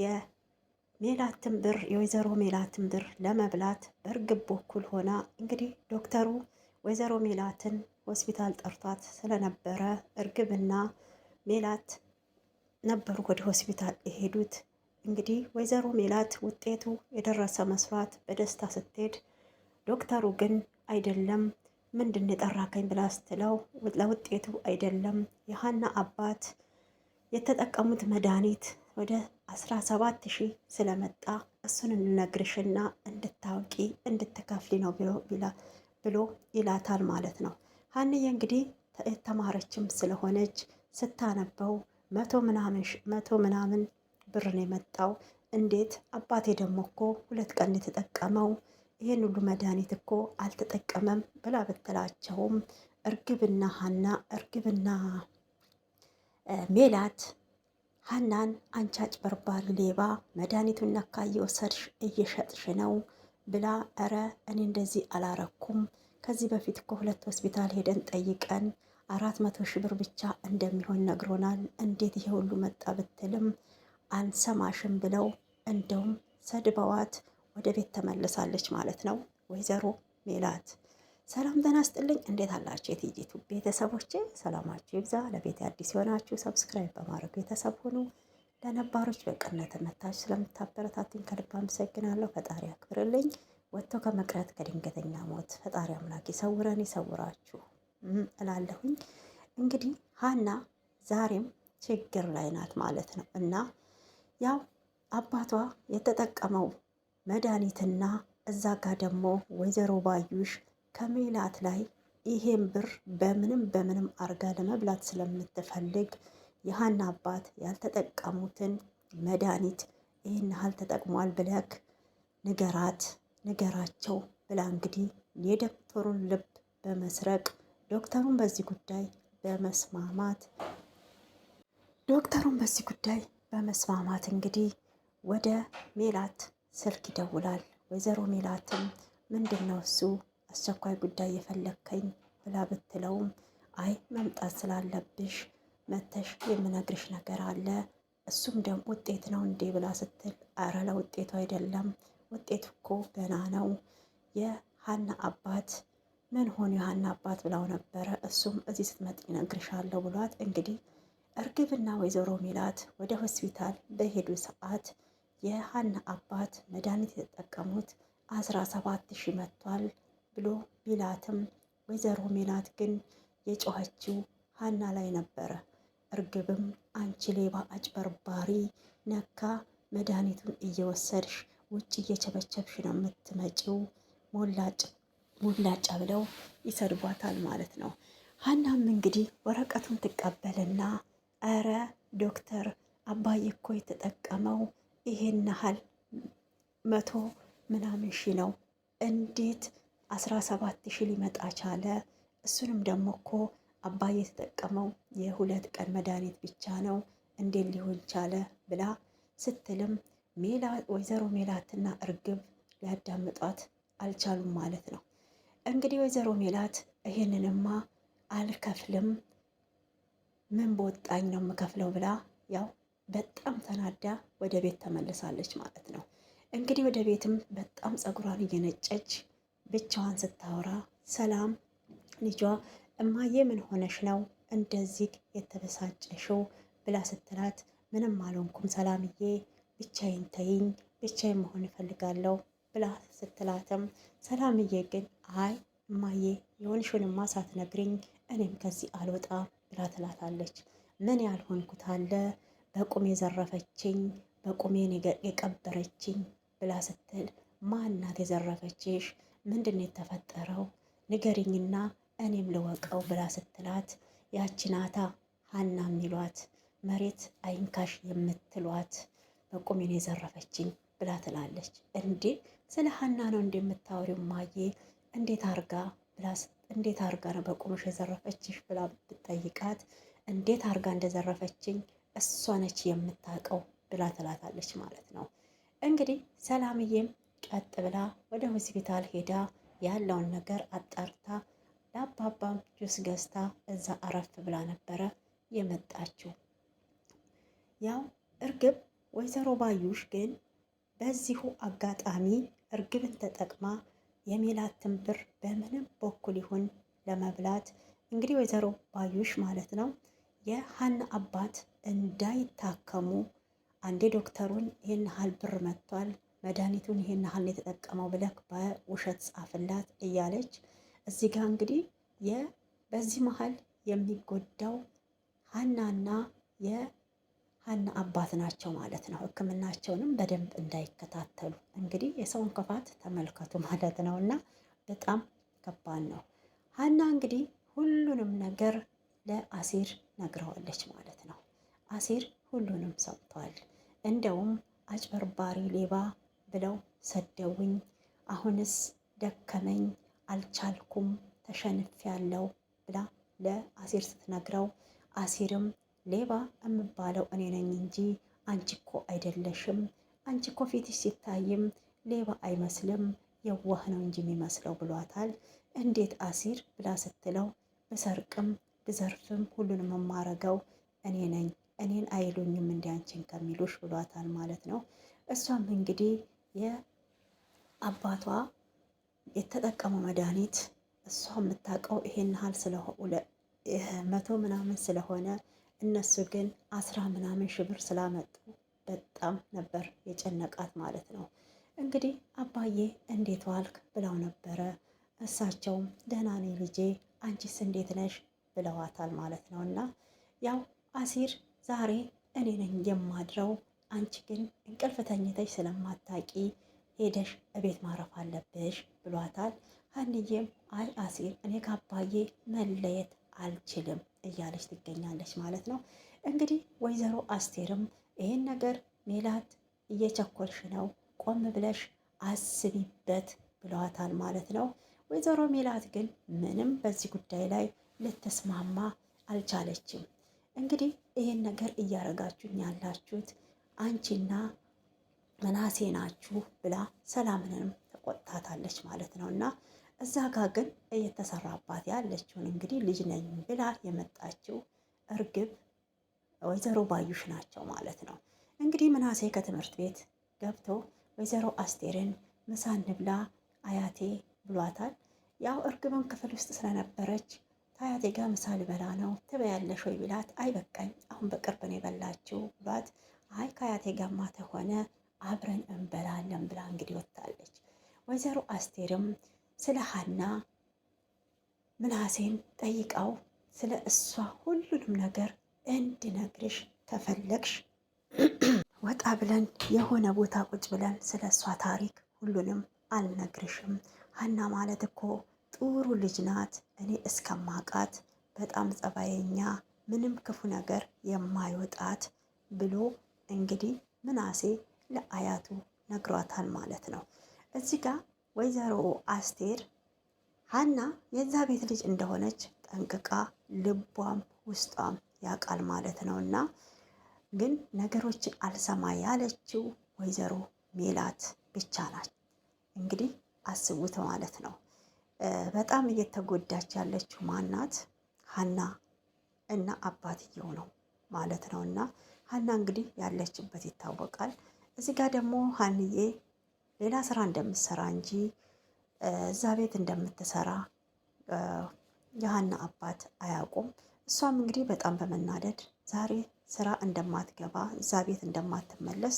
የሜላትን ብር የወይዘሮ ሜላትን ብር ለመብላት በእርግብ በኩል ሆና እንግዲህ ዶክተሩ ወይዘሮ ሜላትን ሆስፒታል ጠርቷት ስለነበረ እርግብና ሜላት ነበሩ ወደ ሆስፒታል የሄዱት። እንግዲህ ወይዘሮ ሜላት ውጤቱ የደረሰ መስሏት በደስታ ስትሄድ፣ ዶክተሩ ግን አይደለም ምንድን የጠራከኝ ብላ ስትለው ለውጤቱ አይደለም የሀና አባት የተጠቀሙት መድኃኒት ወደ 17 ሺህ ስለመጣ እሱን እንነግርሽና እንድታውቂ እንድትከፍሊ ነው ብሎ ይላታል ማለት ነው። ሀንዬ እንግዲህ የተማረችም ስለሆነች ስታነበው መቶ ምናምን ብር ነው የመጣው። እንዴት አባቴ ደግሞ እኮ ሁለት ቀን የተጠቀመው ይህን ሁሉ መድኃኒት እኮ አልተጠቀመም ብላ ብትላቸውም እርግብና ሀና እርግብና ሜላት ሀናን አንቺ አጭበርባሪ ሌባ መድኃኒቱን ነካ እየወሰድሽ እየሸጥሽ ነው ብላ እረ እኔ እንደዚህ አላረኩም ከዚህ በፊት እኮ ሁለት ሆስፒታል ሄደን ጠይቀን አራት መቶ ሺህ ብር ብቻ እንደሚሆን ነግሮናል እንዴት ይሄ ሁሉ መጣ ብትልም አንሰማሽም ብለው እንደውም ሰድበዋት ወደ ቤት ተመልሳለች ማለት ነው ወይዘሮ ሜላት ሰላም ጤና ይስጥልኝ። እንዴት አላችሁ? የትይቱ ቤተሰቦቼ ሰላማችሁ ይብዛ። ለቤት አዲስ የሆናችሁ ሰብስክራይብ በማድረግ ቤተሰብ ሆኑ። ለነባሮች በቅነት መታችሁ ስለምታበረታትኝ ከልብ አመሰግናለሁ። ፈጣሪ ያክብርልኝ። ወጥቶ ከመቅረት ከድንገተኛ ሞት ፈጣሪ አምላክ ይሰውረን ይሰውራችሁ እላለሁኝ። እንግዲህ ሀና ዛሬም ችግር ላይ ናት ማለት ነው እና ያው አባቷ የተጠቀመው መድኃኒትና እዛ ጋር ደግሞ ወይዘሮ ባዩሽ ከሜላት ላይ ይሄን ብር በምንም በምንም አርጋ ለመብላት ስለምትፈልግ የሀና አባት ያልተጠቀሙትን መድኃኒት ይህን ያህል ተጠቅሟል ብለክ ንገራት ንገራቸው ብላ እንግዲህ የዶክተሩን ልብ በመስረቅ ዶክተሩን በዚህ ጉዳይ በመስማማት ዶክተሩን በዚህ ጉዳይ በመስማማት እንግዲህ ወደ ሜላት ስልክ ይደውላል። ወይዘሮ ሜላትም ምንድን ነው እሱ አስቸኳይ ጉዳይ የፈለግከኝ ብላ ብትለውም አይ መምጣት ስላለብሽ መተሽ የምነግርሽ ነገር አለ እሱም ደግሞ ውጤት ነው እንዴ ብላ ስትል አረ ለውጤቱ አይደለም ውጤቱ እኮ ገና ነው የሀና አባት ምን ሆኑ የሀና አባት ብላው ነበረ እሱም እዚህ ስትመጥ ይነግርሻለሁ ብሏት እንግዲህ እርግብና ወይዘሮ ሚላት ወደ ሆስፒታል በሄዱ ሰዓት የሀና አባት መድኃኒት የተጠቀሙት አስራ ሰባት ሺህ መጥቷል ብሎ ቢላትም ወይዘሮ ሜላት ግን የጮኸችው ሀና ላይ ነበረ። እርግብም አንቺ ሌባ አጭበርባሪ ነካ መድኃኒቱን እየወሰድሽ ውጭ እየቸበቸብሽ ነው የምትመጪው ሞላጫ ብለው ይሰድቧታል ማለት ነው። ሀናም እንግዲህ ወረቀቱን ትቀበልና ኧረ ዶክተር አባዬ እኮ የተጠቀመው ይሄን ያህል መቶ ምናምን ሺ ነው እንዴት ሰባት ሺ ሊመጣ ቻለ። እሱንም ደግሞ እኮ አባይ የተጠቀመው የሁለት ቀን መድኃኒት ብቻ ነው እንዴት ሊሆን ቻለ ብላ ስትልም ወይዘሮ ሜላትና እርግብ ሊያዳምጧት አልቻሉም ማለት ነው። እንግዲህ ወይዘሮ ሜላት ይህንንማ አልከፍልም ምን በወጣኝ ነው የምከፍለው ብላ ያው በጣም ተናዳ ወደ ቤት ተመልሳለች ማለት ነው። እንግዲህ ወደ ቤትም በጣም ጸጉሯን እየነጨች ብቻዋን ስታወራ ሰላም ልጇ እማዬ ምን ሆነሽ ነው እንደዚህ የተበሳጨሽው? ብላ ስትላት ምንም አልሆንኩም ሰላምዬ፣ ብቻዬን ተይኝ፣ ብቻዬን መሆን እፈልጋለሁ ብላ ስትላትም ሰላምዬ ግን አይ እማዬ የሆንሽውንማ ሳትነግሪኝ እኔም ከዚህ አልወጣ ብላ ትላታለች። ምን ያልሆንኩት አለ በቁሜ የዘረፈችኝ በቁሜን የቀበረችኝ ብላ ስትል ማናት የዘረፈችሽ? ምንድን ነው የተፈጠረው ንገሪኝና እኔም ልወቀው ብላ ስትላት ያቺ ሀና የሚሏት መሬት አይንካሽ የምትሏት በቁሜን የዘረፈችኝ ብላ ትላለች። እንዴ ስለ ሀና ነው እንደምታወሪው ማዬ እንዴት አርጋ ብላ እንዴት አርጋ ነው በቁምሽ የዘረፈችሽ ብላ ብትጠይቃት እንዴት አርጋ እንደዘረፈችኝ እሷ ነች የምታውቀው ብላ ትላታለች ማለት ነው። እንግዲህ ሰላምዬም ቀጥ ብላ ወደ ሆስፒታል ሄዳ ያለውን ነገር አጣርታ ለአባባ ጁስ ገዝታ እዛ አረፍ ብላ ነበረ የመጣችው። ያው እርግብ ወይዘሮ ባዩሽ ግን በዚሁ አጋጣሚ እርግብን ተጠቅማ የሚላትን ብር በምንም በኩል ይሁን ለመብላት እንግዲህ ወይዘሮ ባዩሽ ማለት ነው የሀና አባት እንዳይታከሙ አንዴ ዶክተሩን ይህን ሀል ብር መጥቷል መድኃኒቱን ይሄን ያህል የተጠቀመው ብለህ በውሸት ጻፍላት እያለች እዚህ ጋር እንግዲህ በዚህ መሀል የሚጎዳው ሀናና የሀና አባት ናቸው ማለት ነው። ሕክምናቸውንም በደንብ እንዳይከታተሉ እንግዲህ የሰውን ክፋት ተመልከቱ ማለት ነው። እና በጣም ከባድ ነው። ሀና እንግዲህ ሁሉንም ነገር ለአሲር ነግረዋለች ማለት ነው። አሲር ሁሉንም ሰምቷል። እንደውም አጭበርባሪ ሌባ ብለው ሰደውኝ። አሁንስ ደከመኝ፣ አልቻልኩም፣ ያለው ብላ ለአሴር ስትነግረው አሴርም ሌባ የምባለው እኔ ነኝ እንጂ አንቺ እኮ አይደለሽም፣ አንቺ እኮ ፊትሽ ሲታይም ሌባ አይመስልም የዋህ ነው እንጂ የሚመስለው ብሏታል። እንዴት አሲር ብላ ስትለው ብሰርቅም ብዘርፍም ሁሉንም የማረገው እኔ ነኝ፣ እኔን አይሉኝም እንዲ ከሚሉሽ ብሏታል ማለት ነው። እሷም እንግዲህ የአባቷ የተጠቀመው መድኃኒት እሷ የምታውቀው ይሄን ያህል መቶ ምናምን ስለሆነ እነሱ ግን አስራ ምናምን ሽብር ስላመጡ በጣም ነበር የጨነቃት ማለት ነው። እንግዲህ አባዬ እንዴት ዋልክ ብለው ነበረ። እሳቸውም ደህና ነኝ ልጄ፣ አንቺስ እንዴት ነሽ ብለዋታል ማለት ነው። እና ያው አሲር ዛሬ እኔ ነኝ የማድረው አንቺ ግን እንቅልፍ ተኝተሽ ስለማታቂ ሄደሽ እቤት ማረፍ አለብሽ ብሏታል። ሀንዬም አይ አሲር እኔ ካባዬ መለየት አልችልም እያለች ትገኛለች ማለት ነው። እንግዲህ ወይዘሮ አስቴርም ይህን ነገር ሜላት እየቸኮልሽ ነው፣ ቆም ብለሽ አስቢበት ብለዋታል ማለት ነው። ወይዘሮ ሜላት ግን ምንም በዚህ ጉዳይ ላይ ልትስማማ አልቻለችም። እንግዲህ ይህን ነገር እያረጋችሁኝ ያላችሁት አንቺና መናሴ ናችሁ ብላ ሰላምንም ተቆጣታለች ማለት ነው። እና እዛ ጋር ግን እየተሰራባት ያለችውን እንግዲህ ልጅ ነኝ ብላ የመጣችው እርግብ ወይዘሮ ባዩሽ ናቸው ማለት ነው። እንግዲህ መናሴ ከትምህርት ቤት ገብቶ ወይዘሮ አስቴርን ምሳ ብላ አያቴ ብሏታል። ያው እርግብን ክፍል ውስጥ ስለነበረች ከአያቴ ጋር ምሳ ልበላ ነው ትበያለሽ ወይ ቢላት፣ አሁን በቅርብ ነው የበላችው ብሏት አይ ከአያቴ ጋማ ተሆነ አብረን እንበላለን ብላ እንግዲህ ወጥታለች። ወይዘሮ አስቴርም ስለ ሀና ምናሴን ጠይቃው ስለ እሷ ሁሉንም ነገር እንድነግርሽ ከፈለግሽ ወጣ ብለን የሆነ ቦታ ቁጭ ብለን ስለ እሷ ታሪክ ሁሉንም አልነግርሽም። ሀና ማለት እኮ ጥሩ ልጅ ናት። እኔ እስከማቃት በጣም ጸባየኛ፣ ምንም ክፉ ነገር የማይወጣት ብሎ እንግዲህ ምናሴ ለአያቱ ነግሯታል ማለት ነው። እዚህ ጋር ወይዘሮ አስቴር ሀና የዛ ቤት ልጅ እንደሆነች ጠንቅቃ ልቧም ውስጧም ያውቃል ማለት ነው። እና ግን ነገሮችን አልሰማ ያለችው ወይዘሮ ሜላት ብቻ ናት። እንግዲህ አስቡት ማለት ነው። በጣም እየተጎዳች ያለችው ማናት? ሀና እና አባትየው ነው ማለት ነው እና ሀና እንግዲህ ያለችበት ይታወቃል። እዚህ ጋር ደግሞ ሀንዬ ሌላ ስራ እንደምትሰራ እንጂ እዛ ቤት እንደምትሰራ የሀና አባት አያውቁም። እሷም እንግዲህ በጣም በመናደድ ዛሬ ስራ እንደማትገባ እዛ ቤት እንደማትመለስ